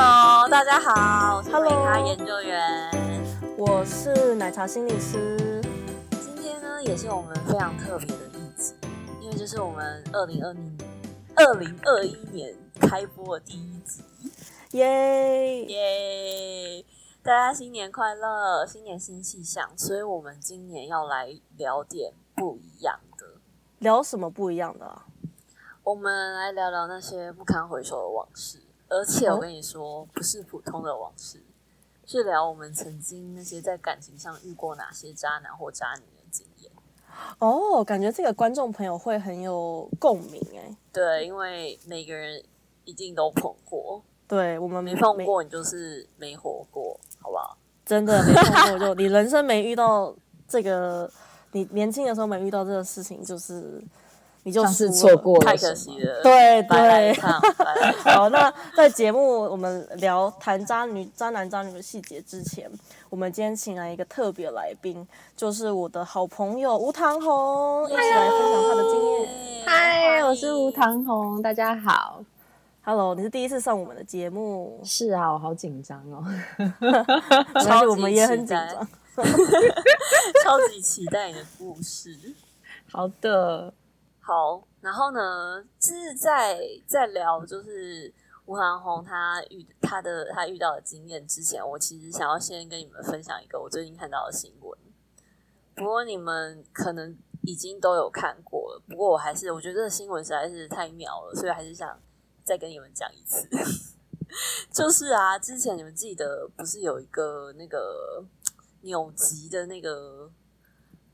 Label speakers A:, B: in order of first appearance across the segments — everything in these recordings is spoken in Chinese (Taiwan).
A: Hello，大家好，Hello, 我是奶茶研究員，我是奶茶心理師。
B: 今天呢，也是我們非常特別的一集，因為就是我們二零二零、二零二一年開播的第一集，耶耶！大家新年快樂，新年新氣象，所以我們今年
A: 要來聊
B: 點不一樣的。
A: 聊什麼不一樣的啊？
B: 我們來聊聊那些不堪回首的往事。而且我跟你說，嗯、不是普通的往事，是聊我們曾經那些在感情上遇過哪些渣男或渣女的經驗。
A: 哦，感覺這個觀眾朋友會很有共鳴誒，
B: 對，因為每個人一定都碰過 。
A: 對，我們沒、沒碰過你就是沒活過，好不好？真的沒碰過就 你人生沒遇到這個，你年輕的時候沒遇到這個事情就是。
B: 你就是錯過太可惜了。對，對對，
A: 好，那在節目我們聊談渣女、渣男、渣女的細節之前，我們今天請來一個特別來賓，就是我的好朋友無糖紅，一起來分享他的經驗。嗨，Hi, 我是無糖紅，大家好，Hello，你是第一次上我們的節目？是啊，我好緊
C: 張哦， 超級我們也很緊張，
A: 超級
B: 期待你的故事。好的。好，然後呢，就是在在聊就是無糖紅他遇他的他遇到的經驗之前，我其實想要先跟你們分享一個我最近看到的新聞。不過你們可能已經都有看過了，不過我還是我覺得這個新聞實在是太妙了，所以還是想再跟你們講一次。 就是啊，之前你們記得不是有一個那個扭級的那個？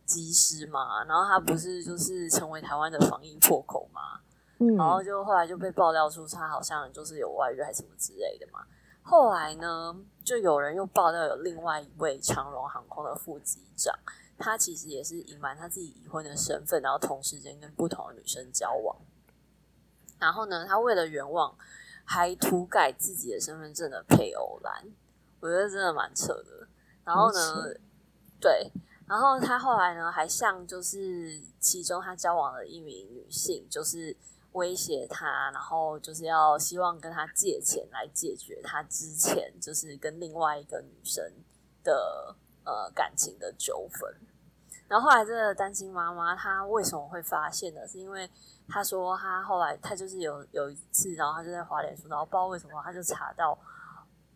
B: 機師嘛，然後他不是就是成為台灣的防疫破口嘛，
C: 嗯，然後
B: 就後來就被爆料出他好像就是有外遇還是什麼之類的嘛。後來呢，就有人又爆料有另外一位長榮航空的副機長，他其實也是隱瞞他自己已婚的身份，然後同時間跟不同的女生交往。然後呢，他為了圓謊還塗改自己的身份證的配偶欄，我覺得真的蠻扯的。然後呢，是對。然後他後來呢，還像就是其中他交往的一名女性，就是威脅他，然後就是要希望跟他借錢來解決他之前就是跟另外一個女生的呃感情的糾紛。然後後來這個單親媽媽她為什麼會發現呢？是因為他說他後來他就是有有一次，然後他就在滑臉書，然後不知道為什麼他就查到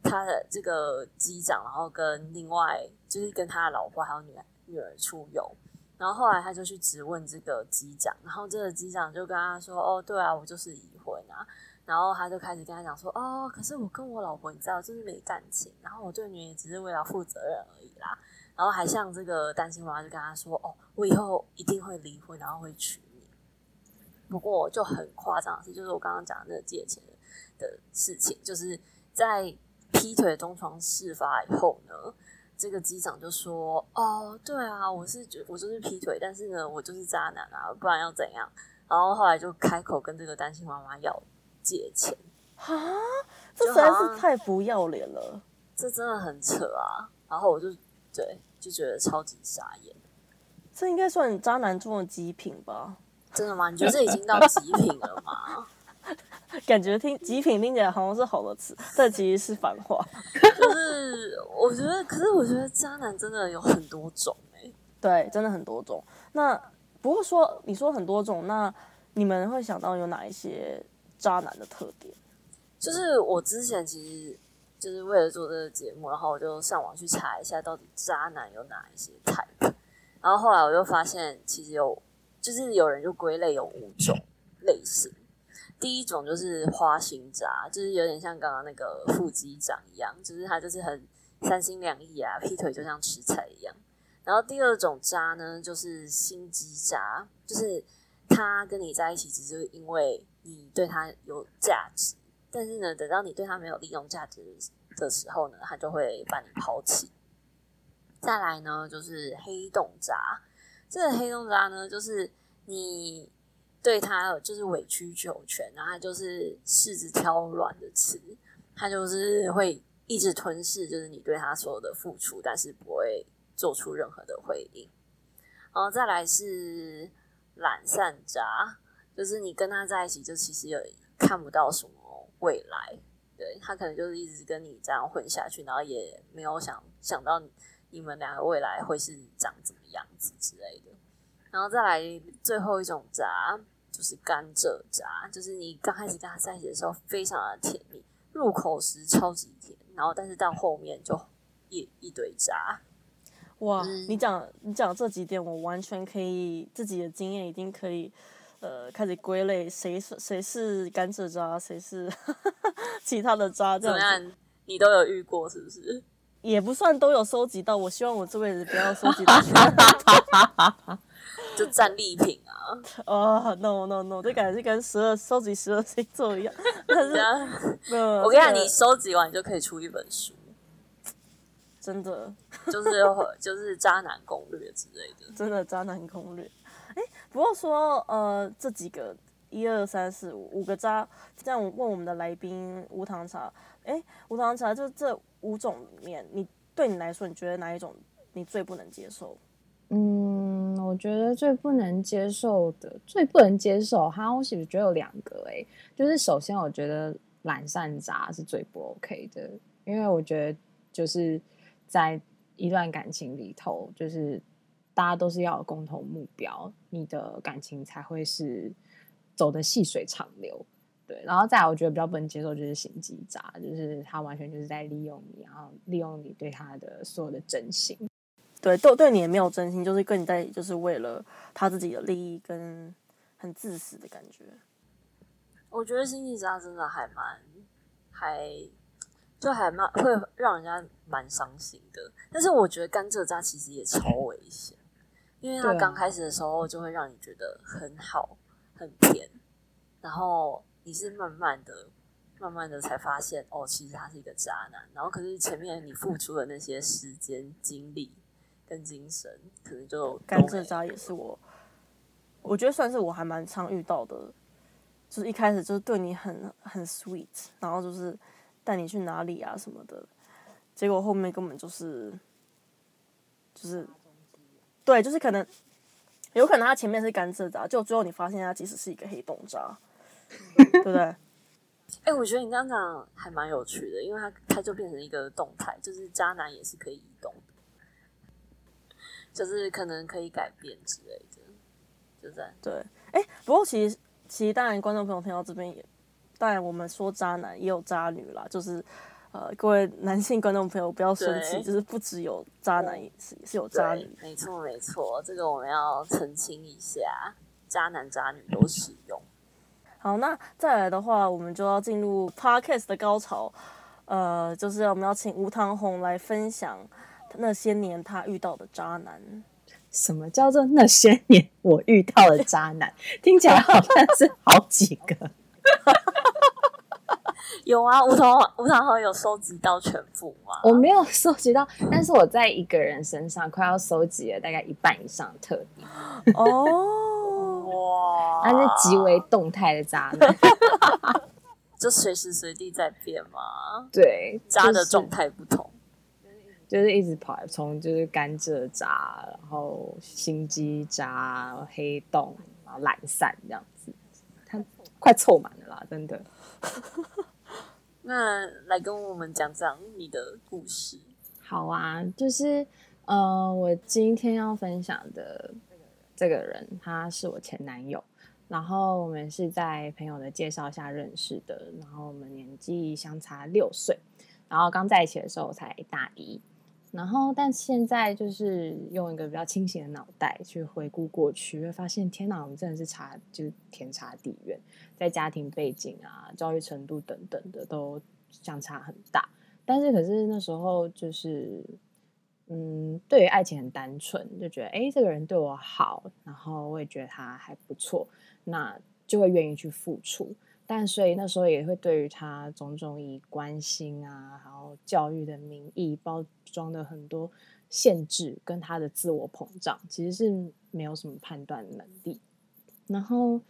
B: 他的這個機長，然後跟另外就是跟他的老婆還有女兒。女兒出遊，然後後來他就去質問這個機長，然後這個機長就跟他說：“哦，對啊，我就是已婚啊。”然後他就開始跟他講說：“哦，可是我跟我老婆你知道就是沒感情，然後我對女兒也只是為了負責任而已啦。”然後還向這個單親媽媽就跟他說：“哦，我以後一定會離婚，然後會娶你。”不過就很誇張的是，就是我剛剛講的那個借錢的事情，就是在劈腿東窗事發以後呢。這個機長就說：“哦，對啊，我是覺，我就是劈腿，但是呢，我就是渣男啊，不然要怎樣？”然後後來就開口跟這個單親媽媽要借錢啊，蛤這實在是
A: 太不要臉
B: 了，這真的很扯啊！然後我就對就覺得超級傻眼，
A: 這應該算你渣男中的極品吧？真的嗎？你覺得這已經到極品了嗎？ 感覺聽“極品”聽起來好像是好的詞，但其實是反話。 就
B: 是我覺得，可是我覺得渣男真的有很多種、欸。
A: 對，真的很多種。那不過說你說很多種，那你們會想到有哪一些渣男的特點？
B: 就是我之前其實就是為了做這個節目，然後我就上網去查一下到底渣男有哪一些 type 然後後來我就發現其實有，就是有人就歸類有五種類型。第一種就是花心渣，就是有點像剛剛那個副機長一樣，就是他就是很三心兩意啊，劈腿就像吃菜一樣。然後第二種渣呢，就是心機渣，就是他跟你在一起只是因為你對他有價值，但是呢，等到你對他沒有利用價值的時候呢，他就會把你拋棄。再來呢，就是黑洞渣，這個黑洞渣呢，就是你。對他就是委曲求全，然後他就是柿子挑軟的吃，他就是會一直吞噬，就是你對他所有的付出，但是不會做出任何的回應。然後再來是懶散渣，就是你跟他在一起，就其實也看不到什麼未來，對他可能就是一直跟你這樣混下去，然後也沒有想想到你們兩個未來會是長怎麼樣子之類的。然後再來最後一種渣。就是甘蔗渣，就是你剛開始跟他在一起的時候非常的甜蜜，入口時超級甜，然後但是到後面就一一堆渣。
A: 哇，嗯，你講你講這幾點，我完全可以自己的經驗，一定可以呃開始歸類誰，誰是誰是甘蔗渣，誰是呵呵其他的渣，這樣子。怎麼
B: 樣，你都有遇
A: 過是不是？也不算都有收集到，我希望我這輩子不要收集到。 就戰利品啊！哦，oh，no no no，就感覺是跟十二收集十二星座一樣。但是， 我跟你講，的你
B: 收集完就可以出一本書，真的，就是就是渣男攻略之類
A: 的。真的渣男攻略。哎，不過說呃，這幾個一二三四五五個渣，這樣問我們的來賓無糖茶。哎，無糖茶就這五種裡面，你對你來說，你覺得哪一種你最不能接受？嗯。
C: 我覺得最不能接受的，最不能接受哈，我其實覺得有兩個哎、欸，就是首先，我覺得懶散渣是最不 OK 的，因為我覺得就是在一段感情裡頭，就是大家都是要有共同目標，你的感情才會是走得細水長流。對，然後再來我覺得比較不能接受就是心機渣，就是他完全就是在利用你，然後利用你對他的所有的真心。
A: 對，都對你也沒有真心，就是跟你在，就是為了他自己的利益，跟很自私的感覺。
B: 我覺得心機渣真的還蠻，還
A: 就還蠻會
B: 讓人家蠻傷心的。但是我覺得甘蔗渣其實也超危險，因為他剛開始的時候就會讓你覺得很好，很甜，然後你是慢慢的、慢慢的才發現，哦，其實他是一個渣男。然後可是前面你付出的那些時間、精力，跟精神，可能就
A: 甘蔗渣也是我，我覺得算是我還蠻常遇到的，就是一開始就是對你很很 sweet，然後就是帶你去哪裡啊什麼的，結果後面根本就是就是對，就是可能有可能他前面是甘蔗渣，就最後你發現他其實是一個黑洞渣， 對不對？哎、
B: 欸，我覺得你剛剛講還蠻有趣的，因為他他就變成一個動態，就是渣男也是可以移動。就是可能可以改變之類的，就這樣。
A: 對，哎、欸，不過其實其實當然，觀眾朋友聽到這邊也，當然我們說渣男也有渣女啦，就是呃，各位男性觀眾朋友不要生氣，對就是不只有渣男，也是、嗯、是有渣女。
B: 沒錯沒錯，這個我們要澄清一下，渣男渣女都使用。
A: 好，那再來的話，我們就要進入 Podcast 的高潮，呃，就是我們要請無糖紅來分享。那些年他遇到的渣男，
C: 什麼叫做那些年我遇到的渣男？ 聽起來好像是好幾個。
B: 有啊，無糖，無糖紅有收集到全部
C: 嗎？我沒有收集到，但是我在一個人身上快要收集了大概一半以上的特點。哦，哇，那是極為動態的渣男，
B: 就隨時隨地在變嘛。對，
C: 就是、渣的狀態不同。就是一直跑，從就是甘蔗渣，然後心機渣、黑洞，然後懶散這樣子。他快湊滿了啦，真的。
B: 那來跟我們講講你的
C: 故事。好啊，就是呃，我今天要分享的這個人，他是我前男友。然後我們是在朋友的介紹下認識的。然後我們年紀相差六歲。然後剛在一起的時候才大一。然後，但現在就是用一個比較清醒的腦袋去回顧過去，會發現天吶，我們真的是差，就是天差地遠，在家庭背景啊、教育程度等等的都相差很大。但是，可是那時候就是，嗯，對於愛情很單純，就覺得誒這個人對我好，然後我也覺得他還不錯，那就會願意去付出。但所以那時候也會對於他種種以關心啊，然後教育的名義包裝的很多限制，跟他的自我膨脹，其實是沒有什麼判斷能力。然後，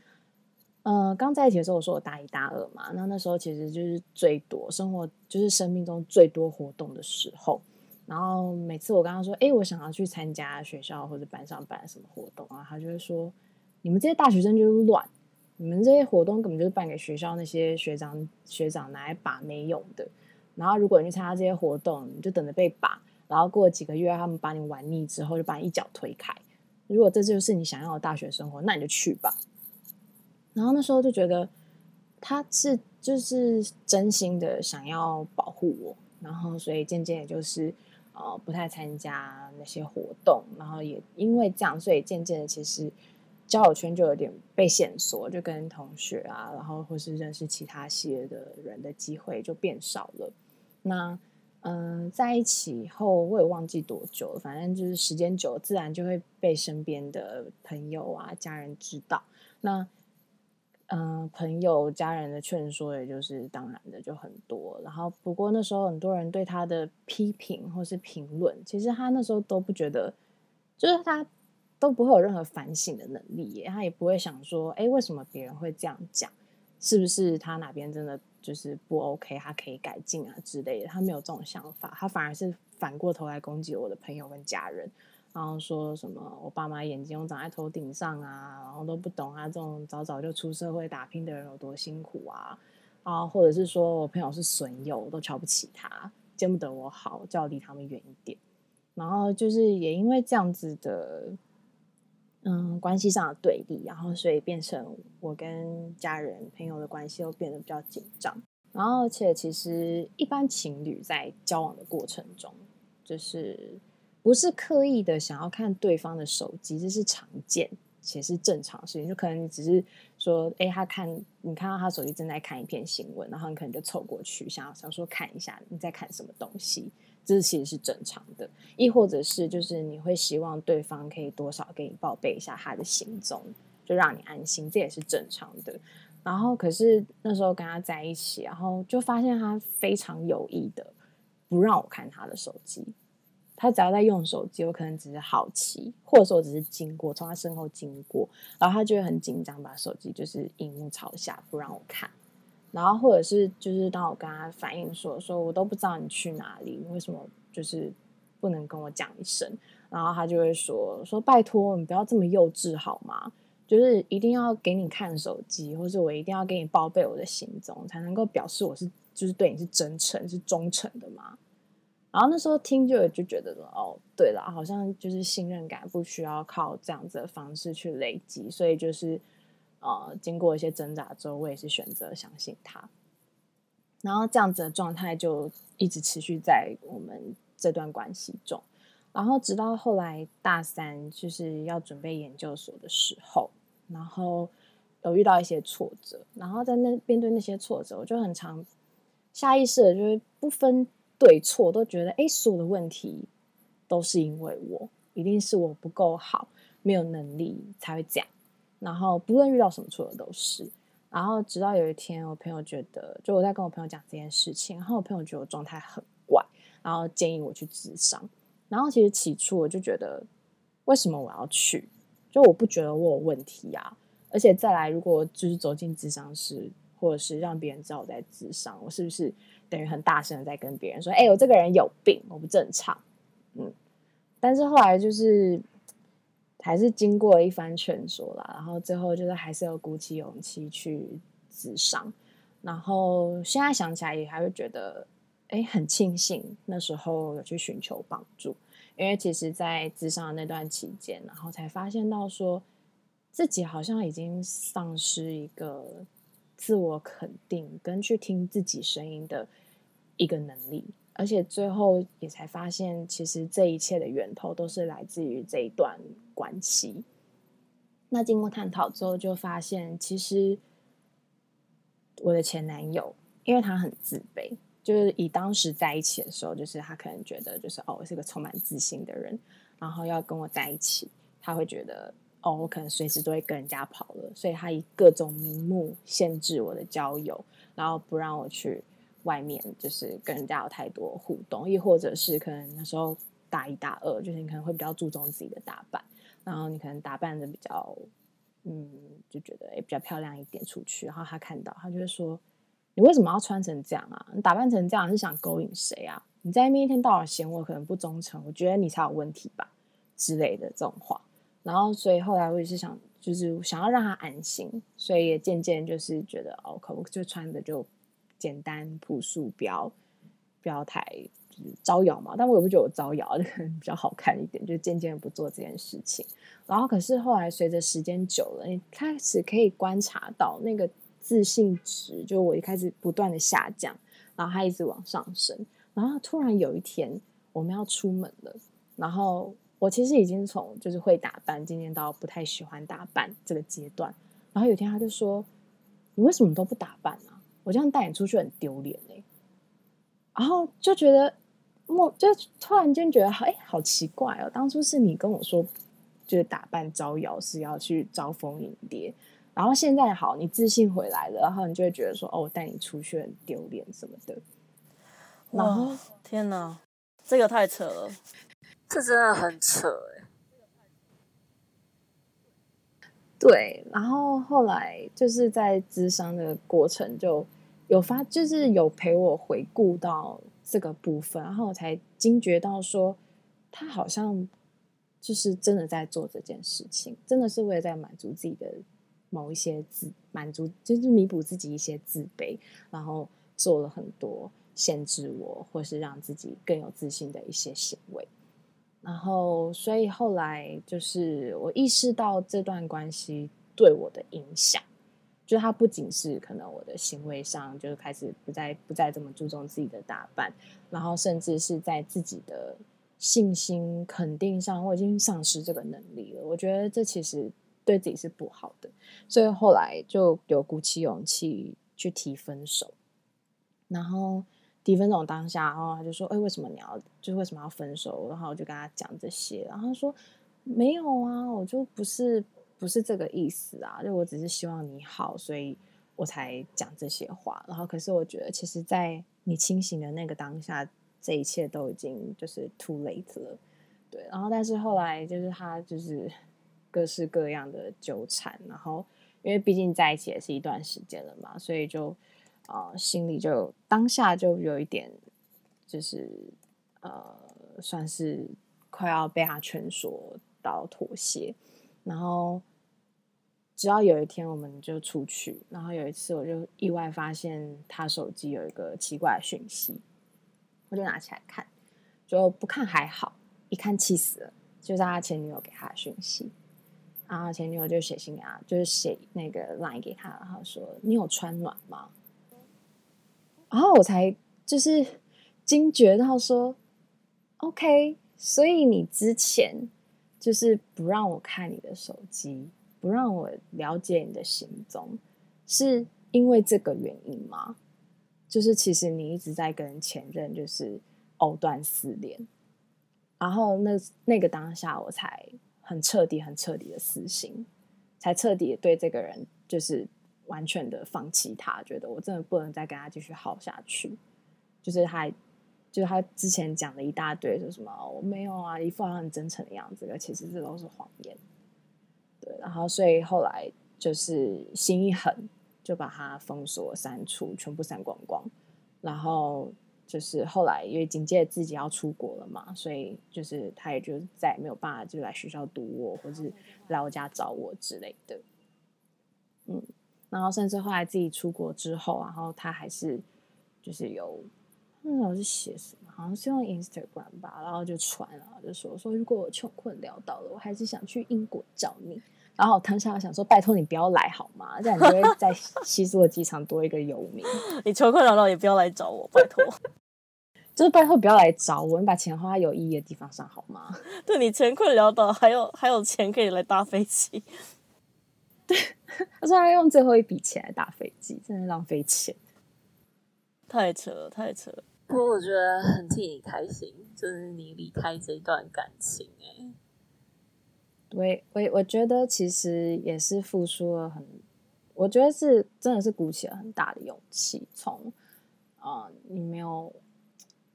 C: 呃，剛在一起的時候我說我大一、大二嘛，那那時候其實就是最多生活，就是生命中最多活動的時候。然後每次我跟他說，哎、欸，我想要去參加學校或者班上辦什麼活動啊，他就會說，你們這些大學生就是亂。你們這些活動根本就是辦給學校那些學長學長拿來把沒用的，然後如果你去參加這些活動，你就等着被把。然後過幾個月，他們把你玩膩之後，就把你一腳推開。如果這就是你想要的大學生活，那你就去吧。然後那時候就覺得他是就是真心的想要保護我，然後所以漸漸也就是呃不太參加那些活動，然後也因為這樣，所以漸漸的其實。交友圈就有點被限縮，就跟同學啊，然後或是認識其他系的的人的機會就變少了。那嗯，在一起以後我也忘記多久了，反正就是時間久了，自然就會被身邊的朋友啊、家人知道。那嗯，朋友、家人的勸說，也就是當然的，就很多。然後不過那時候很多人對他的批評或是評論，其實他那時候都不覺得，就是他。都不會有任何反省的能力，他也不會想說，誒、欸，為什麼別人會這樣講？是不是他哪邊真的就是不 OK？他可以改進啊之類的，他沒有這種想法，他反而是反過頭來攻擊我的朋友跟家人，然後說什麼我爸媽眼睛長在頭頂上啊，然後都不懂啊，這種早早就出社會打拼的人有多辛苦啊，然後或者是說我朋友是損友，我都瞧不起他，見不得我好，就要離他們遠一點。然後就是也因為這樣子的。嗯，關係上的對立，然後所以變成我跟家人、朋友的關係又變得比較緊張。然後，而且其實一般情侶在交往的過程中，就是不是刻意的想要看對方的手機，這是常見且是正常事情。就可能你只是說，哎、欸，他看，你看到他手機正在看一篇新聞，然後你可能就湊過去，想要想說看一下你在看什麼東西。這其實是正常的，亦或者是就是你會希望對方可以多少給你報備一下他的行蹤，就讓你安心，這也是正常的。然後可是那時候跟他在一起，然後就發現他非常有意的不讓我看他的手機，他只要在用手機，我可能只是好奇，或者說我只是經過，從他身後經過，然後他就會很緊張，把手機就是螢幕朝下不讓我看。然後，或者是就是，當我跟他反映說，說我都不知道你去哪裡，為什麼就是不能跟我講一聲？然後他就會說說，拜託，你不要這麼幼稚好嗎？就是一定要給你看手機，或者我一定要給你報備我的行蹤，才能夠表示我是就是對你是真誠、是忠誠的嗎？然後那時候聽就就覺得說，哦，對了，好像就是信任感不需要靠這樣子的方式去累積，所以就是。啊、呃，經過一些掙扎之後，我也是選擇相信他。然後這樣子的狀態就一直持續在我們這段關係中。然後直到後來大三就是要準備研究所的時候，然後有遇到一些挫折。然後在那面對那些挫折，我就很常下意識的就會不分對錯，都覺得，哎，所有的問題都是因為我，一定是我不夠好，沒有能力才會這樣。然後不論遇到什麼挫折都是，然後直到有一天，我朋友覺得，就我在跟我朋友講這件事情，然後我朋友覺得我狀態很怪，然後建議我去諮商，然後其實起初我就覺得，為什麼我要去？就我不覺得我有問題啊，而且再來，如果就是走進諮商室，或者是讓別人知道我在諮商，我是不是等於很大聲的在跟別人說，哎、欸，我這個人有病，我不正常，嗯，但是後來就是。還是經過一番勸說啦，然後最後就是還是要鼓起勇氣去諮商，然後現在想起來也還會覺得，哎，很慶幸那時候有去尋求幫助，因為其實，在諮商的那段期間，然後才發現到說自己好像已經喪失一個自我肯定跟去聽自己聲音的一個能力。而且最後也才發現，其實這一切的源頭都是來自於這一段關係。那經過探討之後，就發現其實我的前男友，因為他很自卑，就是以當時在一起的時候，就是他可能覺得，就是哦，我是個充滿自信的人，然後要跟我在一起，他會覺得哦，我可能隨時都會跟人家跑了，所以他以各種名目限制我的交友，然後不讓我去，外面，就是跟人家有太多互動，亦或者是可能那時候大一大二，就是你可能會比較注重自己的打扮，然後你可能打扮的比較，嗯，就覺得也比較漂亮一點出去，然後他看到他就會說：“你為什麼要穿成這樣啊？你打扮成這樣是想勾引誰啊？你在那邊一天到晚嫌我可能不忠誠，我覺得你才有問題吧？”之類的這種話。然後，所以後來我也是想，就是想要讓他安心，所以也漸漸就是覺得，哦，可我就穿的就。簡單樸素，不要不要太、就是、招搖嘛。但我也不覺得我招搖，就可能比較好看一點。就漸漸不做這件事情，然後可是後來隨着時間久了，你開始可以觀察到那個自信值，就我一開始不斷的下降，然後它一直往上升。然後突然有一天我們要出門了，然後我其實已經從就是會打扮，漸漸到不太喜歡打扮這個階段。然後有一天他就說：“你為什麼都不打扮呢、啊？”我這樣帶你出去很丟臉、欸、然後就覺得莫就突然間覺得哎、欸、好奇怪哦、喔，當初是你跟我說就是打扮招搖是要去招蜂引蝶，然後現在好你自信回來了，然後你就會覺得說哦、喔、我帶你出去很丟臉什麼的。然後哇天哪，
B: 這個太扯了，這個、真的很扯，欸、
C: 對，然後後來就是在諮商的過程就。有發就是有陪我回顧到這個部分，然後我才驚覺到說，他好像就是真的在做這件事情，真的是為了在滿足自己的某一些自滿足，就是彌補自己一些自卑，然後做了很多限制我或是讓自己更有自信的一些行為，然後所以後來就是我意識到這段關係對我的影響。就他不僅是可能我的行為上就是開始不再不再這麼注重自己的打扮，然後甚至是在自己的信心肯定上我已經喪失這個能力了。我覺得這其實對自己是不好的，所以後來就有鼓起勇氣去提分手。然後提分手當下，然後他就說：“哎、欸，為什麼你要就是為什麼要分手？”然後我就跟他講這些，然後他說：“沒有啊，我就不是。”不是這個意思啊，就我只是希望你好，所以我才講這些話。然後，可是我覺得，其實，在你清醒的那個當下，這一切都已經就是 too late 了，對。然後，但是後來就是他就是各式各樣的糾纏，然後因為畢竟在一起也是一段時間了嘛，所以就啊，呃，心裡就當下就有一點，就是呃，算是快要被他勸說到妥協。然後，直到有一天，我們就出去。然後有一次，我就意外發現他手機有一個奇怪的訊息，我就拿起來看，就不看還好，一看氣死了，就是他前女友給他的訊息。然後前女友就寫信給他，就是寫那個 line 給他，然後說：“你有穿暖嗎？”然後我才就是驚覺到說：“OK，所以你之前……”就是不讓我看你的手機，不讓我了解你的行蹤，是因為這個原因嗎？就是其實你一直在跟前任就是藕斷絲連，然後那那個當下我才很徹底、很徹底的死心，才徹底對這個人就是完全的放棄他，覺得我真的不能再跟他繼續耗下去，就是他還。就他之前講的一大堆，說什麼我沒有啊，一副好像很真誠的樣子，其實這都是謊言。對，然後所以後來就是心一狠，就把他封鎖、刪除，全部刪光光。然後就是後來因為緊接着自己要出國了嘛，所以就是他也就再也沒有辦法就來學校堵我，或是來我家找我之類的。嗯，然後甚至後來自己出國之後，然後他還是就是有。那我是寫什麼？好像是用 Instagram 吧，然後就傳了，就說說如果我窮困潦倒了，我還是想去英國找你。然後我當下想說：“拜託你不要來好嗎？這樣你就會在希斯洛機場多一個遊民。 你窮困潦倒也不要來找我，拜託。 就是拜託不要來找我，你把錢花在有意義的地方上好嗎？
A: 對，你窮困潦倒，還有還有錢可以來搭
C: 飛機。對，他 說他用最後一筆錢來搭飛機，真的浪費錢，太扯了，太扯。太扯了。”
B: 不過我覺得很替你開心，就是你離
C: 開這段感情，誒。對，我我覺得其實也是付出了很，我覺得是真的是鼓起了很大的勇氣，從，嗯，呃，你沒有，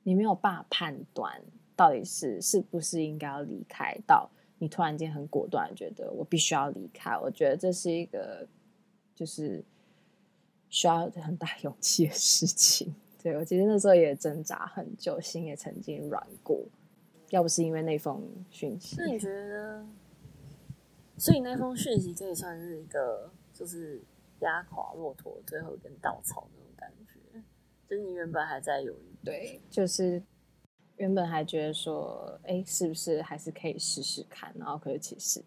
C: 你沒有辦法判斷到底是是不是應該要離開，到你突然間很果斷覺得我必須要離開，我覺得這是一個就是需要很大勇氣的事情。對，我其實那時候也掙扎很久，心也曾經軟過。要不是因為那封訊息。嗯，那
B: 你覺得？所以那封訊息可以算是一個，嗯、就是壓垮駱駝最後一根
C: 稻草那種感
B: 覺。嗯、就你原本還在猶豫，
C: 對，就是原本還覺得說，哎、欸，是不是還是可以試試看？然後可是其實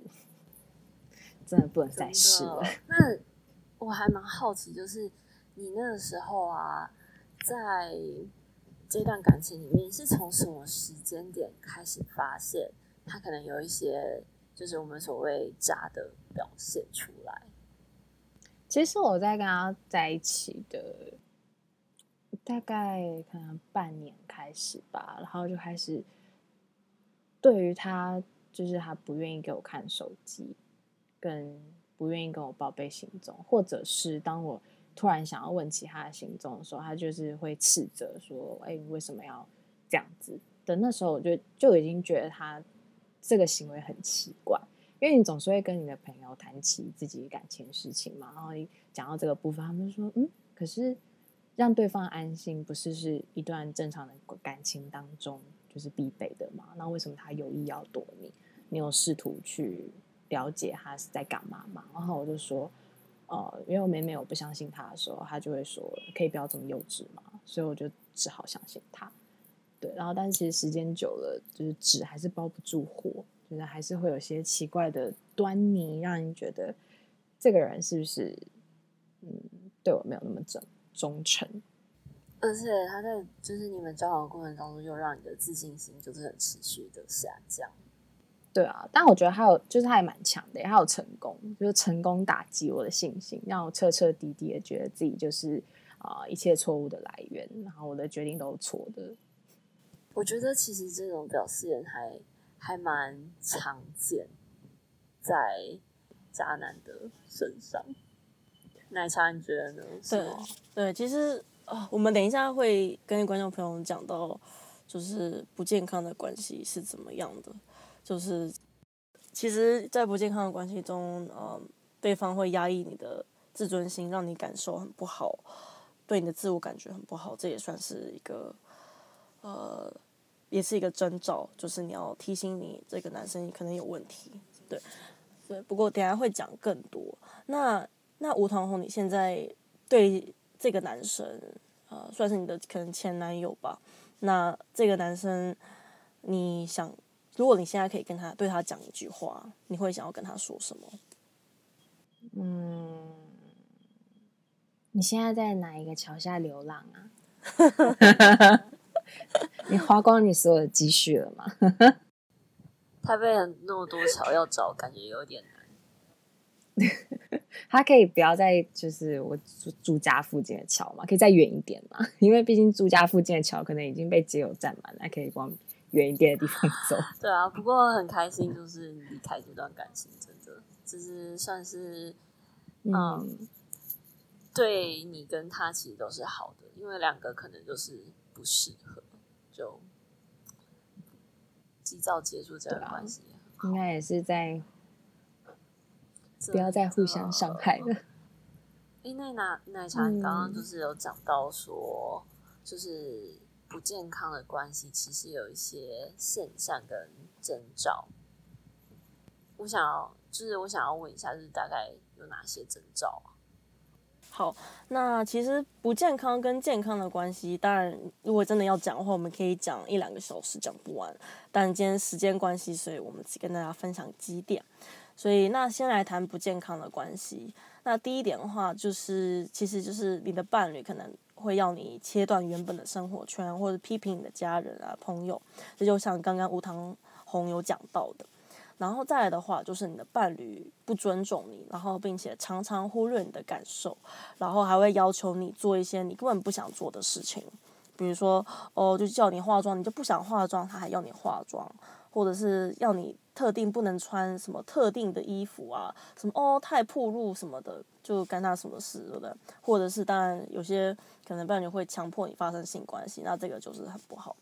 C: 真的不能再試
B: 了。那我還蠻好奇，就是你那個時候啊。在這段感情裡面，是從什麼時間點開始發現他可能有一些就是我們所謂渣的表現出來？
C: 其實我在跟他在一起的大概可能半年開始吧，然後就開始對於他，就是他不願意給我看手機，跟不願意跟我報備行蹤，或者是當我。突然想要問起他的行蹤的時候，他就是會斥責說：“哎、欸，你為什麼要這樣子？”等那時候，我就就已經覺得他這個行為很奇怪，因為你總是會跟你的朋友談起自己的感情事情嘛。然後講到這個部分，他們說：“嗯，可是讓對方安心，不是是一段正常的感情當中就是必備的嘛。那為什麼他有意要躲你？你有試圖去了解他是在幹嘛嗎？”然後我就說。哦，因為我每每我不相信他的時候，他就會說：“可以不要這麼幼稚嘛。”所以我就只好相信他。對，然後但其實時間久了，就是紙還是包不住火，覺得還是會有些奇怪的端倪，讓你覺得這個人是不是嗯對我沒有那麼忠忠誠？
B: 而且他在就是你們交往的過程當中，又讓你的自信心就是很持續的下降。
C: 對啊，但我覺得他有，就是他還蠻強的，他有成功，就是成功打擊我的信心，讓我徹徹底底的覺得自己就是啊、呃、一切錯誤的來源，然後我的決定都是錯的。
B: 我覺得其實這種表現還還蠻常見，在渣男的身上。 奶茶，你覺得呢？
A: 對對，其實啊、呃，我們等一下會跟觀眾朋友講到，就是不健康的關係是怎麼樣的。就是，其實，在不健康的關係中，嗯、呃，對方會壓抑你的自尊心，讓你感受很不好，對你的自我感覺很不好。這也算是一個，呃，也是一個徵兆，就是你要提醒你這個男生你可能有問題。對，對。不過等一下會講更多。那那無糖紅，你現在對這個男生啊、呃，算是你的可能前男友吧？那這個男生，你想？如果你現在可以跟他對他講一句話，你會想要跟他說
C: 什麼？嗯，你現在在哪一個橋下流浪啊？ 你花光你所有的積蓄了嗎？
B: 台北 了那麼多橋要找，感覺有點難。
C: 他 可以不要在就是我住住家附近的橋嘛，可以再遠一點嘛？因為畢竟住家附近的橋可能已經被街友占滿了，可以光。遠一點的地方走。
B: 對啊，不過很開心，就是離開這段感情，真的就是算是，嗯，嗯，對你跟他其實都是好的，因為兩個可能就是不適合，就及早結束這段關係，啊，
C: 應該也是在不要再互相傷害了。
B: 哎，這個，那奶茶，你剛剛就是有講到說，嗯、就是。不健康的關係其實有一些現象跟徵兆，我想要就是我想要問一下，就是大概有哪些徵兆啊？
A: 好，那其實不健康跟健康的關係，當然如果真的要講的話，我們可以講一兩個小時講不完，但今天時間關係，所以我們只跟大家分享幾點。所以那先來談不健康的關係，那第一點的話就是，其實就是你的伴侶可能，會要你切斷原本的生活圈，或者批評你的家人啊朋友，這就就像剛剛無糖紅有講到的。然後再來的話，就是你的伴侶不尊重你，然後並且常常忽略你的感受，然後還會要求你做一些你根本不想做的事情，比如說哦，就叫你化妝，你就不想化妝，他還要你化妝。或者是要你特定不能穿什麼特定的衣服啊，什麼哦太暴露什麼的，就乾那什麼事的。或者是當然有些可能伴侶會強迫你發生性關係，那這個就是很不好。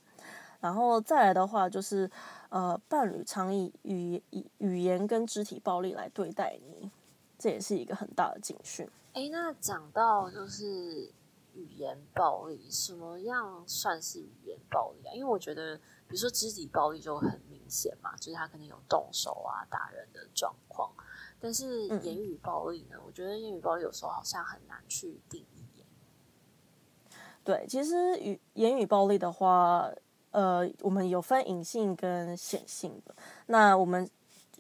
A: 然後再來的話就是呃伴侶常以語言語，語言跟肢體暴力來對待你，這也是一個很大的警訊。
B: 哎，那講到就是語言暴力，什麼樣算是語言暴力啊？因為我覺得比如說肢體暴力就很明顯。顯嘛，就是他可能有動手啊、打人的狀況，但是言語暴力呢？嗯、我覺得言語暴力有時候好像很難去定義。
A: 對，其實語言語暴力的話，呃，我們有分隱性跟顯性的。那我們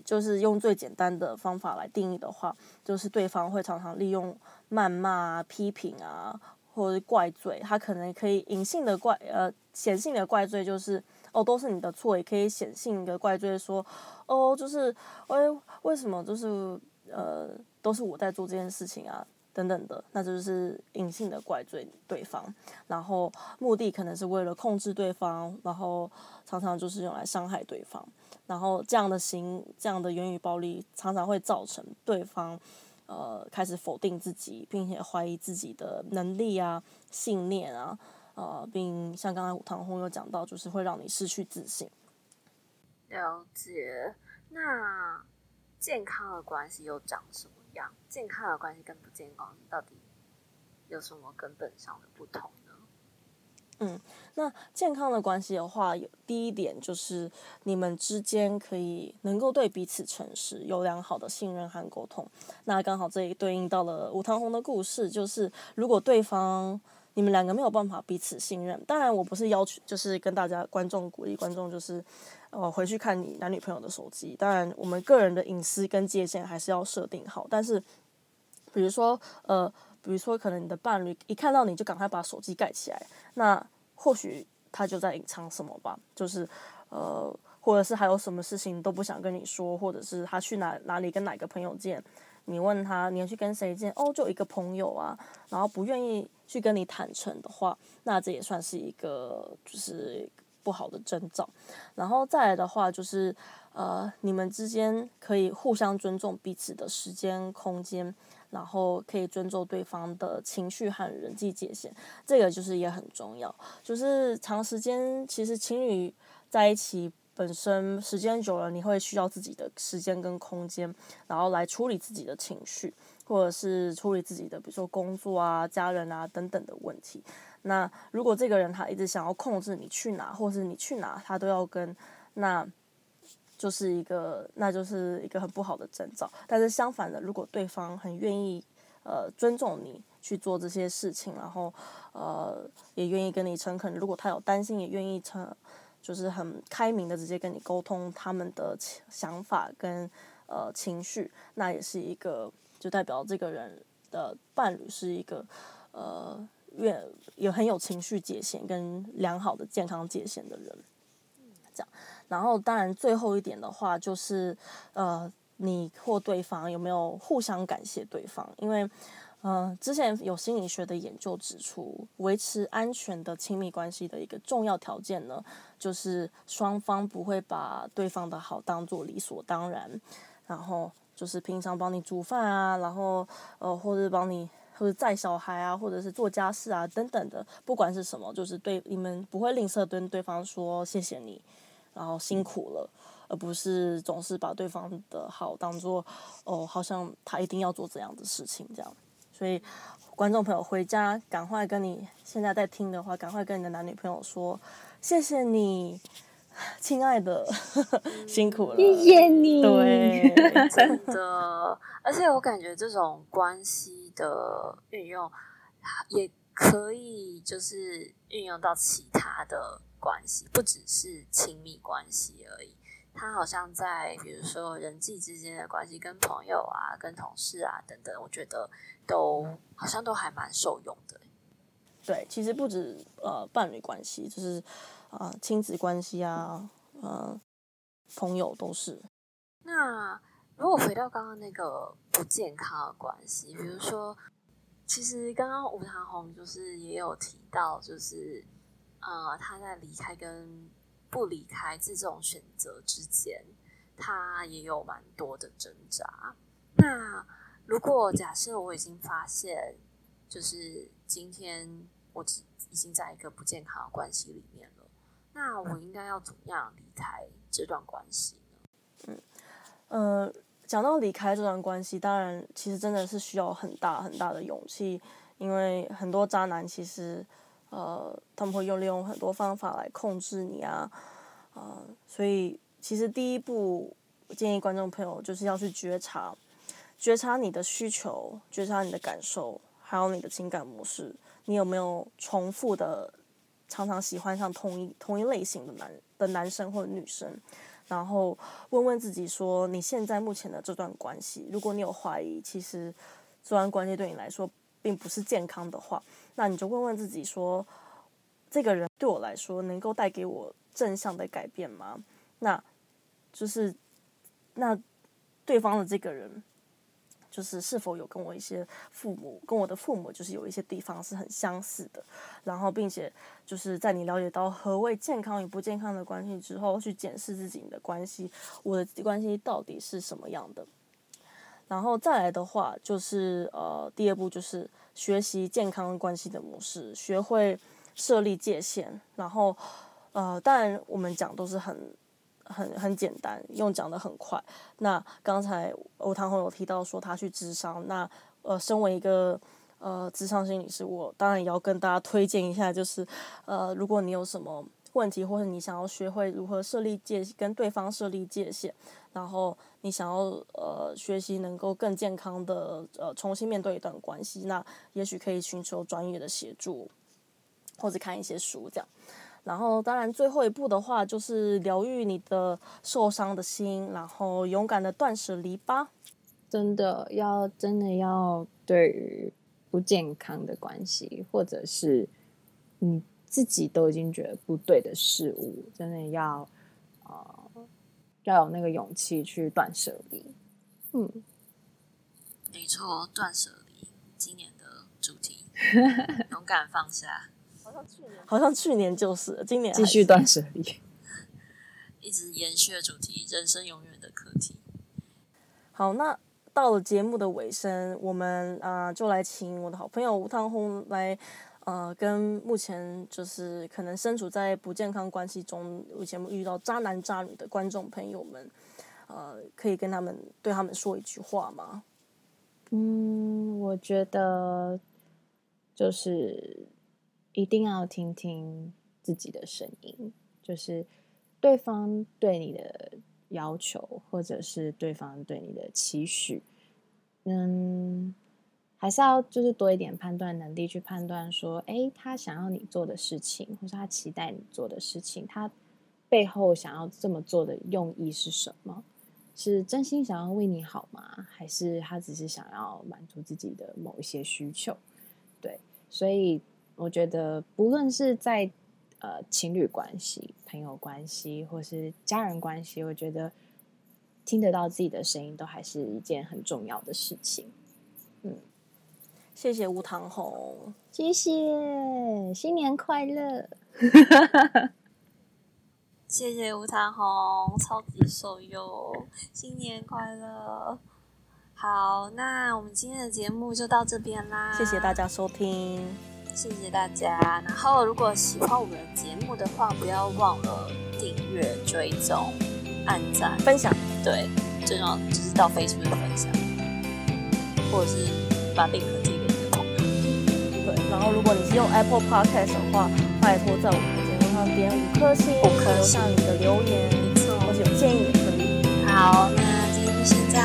A: 就是用最簡單的方法來定義的話，就是對方會常常利用謾罵啊、批評啊，或者是怪罪。他可能可以隱性的怪，呃，顯性的怪罪就是。哦，都是你的錯，也可以顯性的怪罪說，哦，就是，誒、哎，為什麼就是，呃，都是我在做這件事情啊，等等的，那就是隱性的怪罪對方，然後目的可能是為了控制對方，然後常常就是用來傷害對方，然後這樣的行這樣的言語暴力常常會造成對方，呃，開始否定自己，並且懷疑自己的能力啊，信念啊。呃，並像剛才無糖紅有講到，就是會讓你失去自信。
B: 了解，那健康的關係又長什麼樣？健康的關係跟不健康到底有什麼根本上的不同呢？嗯，
A: 那健康的關係的話，有第一點就是你們之間可以能夠對彼此誠實，有良好的信任和溝通。那剛好這裡對應到了無糖紅的故事，就是如果對方。你們兩個沒有辦法彼此信任。當然，我不是要求，就是跟大家觀眾鼓勵觀眾，就是呃回去看你男女朋友的手機。當然，我們個人的隱私跟界限還是要設定好。但是，比如說呃，比如說可能你的伴侶一看到你就趕快把手機蓋起來，那或許他就在隱藏什麼吧？就是呃，或者是還有什麼事情都不想跟你說，或者是他去哪哪裡跟哪個朋友見。你問他你要去跟誰見哦，就一個朋友啊，然後不願意去跟你坦誠的話，那這也算是一個就是不好的徵兆。然後再來的話就是，呃，你們之間可以互相尊重彼此的時間、空間，然後可以尊重對方的情緒和人際界限，這個就是也很重要。就是長時間其實情侶在一起。本身時間久了，你會需要自己的時間跟空間，然後來處理自己的情緒，或者是處理自己的，比如說工作啊、家人啊等等的問題。那如果這個人他一直想要控制你去哪，或是你去哪，他都要跟，那就是一個，那就是一個很不好的徵兆。但是相反的，如果對方很願意，呃，尊重你去做這些事情，然後，呃，也願意跟你誠懇，如果他有擔心，也願意誠。就是很開明的，直接跟你溝通他們的想法跟呃情緒，那也是一個，就代表這個人的伴侶是一個呃越有很有情緒界限跟良好的健康界限的人，這樣。然後當然最後一點的話就是呃你或對方有沒有互相感謝對方？因為嗯、呃、之前有心理學的研究指出，維持安全的親密關係的一個重要條件呢。就是雙方不會把對方的好當做理所當然，然後就是平常幫你煮飯啊，然後呃，或者是幫你或者帶小孩啊，或者是做家事啊等等的，不管是什麼，就是對你們不會吝嗇跟對對方說謝謝你，然後辛苦了，而不是總是把對方的好當做哦，好像他一定要做這樣的事情這樣。所以，觀眾朋友回家趕快跟你現在在聽的話，趕快跟你的男女朋友說，謝謝你，親愛的，呵呵，辛苦了，謝謝你，對， 真
B: 的。而且我感覺這種關係的運用，也可以就是運用到其他的關係，不只是親密關係而已。他好像在，比如說人際之間的關係，跟朋友啊，跟同事啊等等，我覺得都好像都還蠻受用的。
A: 對，其實不止呃伴侶關係，就是呃親子關係啊，嗯、呃，朋友都是。
B: 那如果回到剛剛那個不健康的關係，比如說，其實剛剛無糖紅就是也有提到，就是呃他在離開跟。不離開這種選擇之間，他也有蠻多的掙扎。那如果假設我已經發現，就是今天我只已經在一個不健康的關係裡面了，那我應該要怎麼樣離開這段關係呢？嗯，
A: 呃，講到離開這段關係，當然其實真的是需要很大很大的勇氣，因為很多渣男其實。呃，他們會用利用很多方法來控制你啊，啊、呃，所以其實第一步我建議觀眾朋友就是要去覺察，覺察你的需求，覺察你的感受，還有你的情感模式，你有沒有重複的常常喜歡上同一同一類型的男的男生或者女生，然後問問自己說，你現在目前的這段關係，如果你有懷疑，其實這段關係對你來說並不是健康的話。那你就問問自己說，這個人對我來說能夠帶給我正向的改變嗎？那，就是，那，對方的這個人，就是是否有跟我一些父母跟我的父母就是有一些地方是很相似的。然後，並且就是在你了解到何謂健康與不健康的關係之後，去檢視自己你的關係，我的關係到底是什麼樣的？然後再來的話，就是呃，第二步就是學習健康關係的模式，學會設立界限。然後，呃，當然我們講都是很很很簡單，用講的很快。那剛才無糖紅有提到說他去諮商，那呃，身為一個呃諮商心理師，我當然也要跟大家推薦一下，就是呃，如果你有什麼。問題，或者你想要學會如何設立界限，跟對方設立界限，然後你想要呃學習能夠更健康的呃重新面對一段關係，那也許可以尋求專業的協助，或者看一些書這樣。然後當然最後一步的話，就是療癒你的受傷的心，然後勇敢的斷舍離吧。
C: 真的要真的要，對於不健康的關係，或者是嗯。自己都已經覺得不對的事物，真的要，呃、要有那個勇氣去斷舍離。
B: 嗯，沒錯，斷舍離，今年
C: 的主題，勇
B: 敢放下。 好像去
A: 年，好像去年就是，今年繼續斷舍離，
B: 一直延續的主題，人生永遠的課題。
A: 好，那到了節目的尾聲，我們啊、呃，就來請我的好朋友無糖紅來。呃，跟目前就是可能身處在不健康關係中，以前遇到渣男渣女的觀眾朋友們，呃，可以跟他們對他們說一句話嗎？
C: 嗯，我覺得就是一定要聽聽自己的聲音，就是對方對你的要求，或者是對方對你的期許，嗯。還是要就是多一點判斷能力，去判斷說，誒、欸，他想要你做的事情，或是他期待你做的事情，他背後想要這麼做的用意是什麼？是真心想要為你好嗎？還是他只是想要滿足自己的某一些需求？對，所以我覺得，不論是在呃情侶關係、朋友關係，或是家人關係，我覺得聽得到自己的聲音，都還是一件很重要的事情。嗯。謝謝無糖紅，謝謝新年快樂， 謝謝
B: 無糖紅，超級熟喲，新年快樂。好，那我們今天的節目就到這邊啦，
A: 謝謝大家收聽，
B: 謝謝大家。然後如果喜歡我們的節目的話，不要忘
A: 了訂閱、
B: 追蹤、按讚、分享。對，最重要就是到 Facebook 分享，或者是把訂如果你是
A: 用 Apple Podcast 的話，拜託在我們的節目上點五顆星，留下你的留言或者錯有建議也可以。錯好，那今天就先這樣。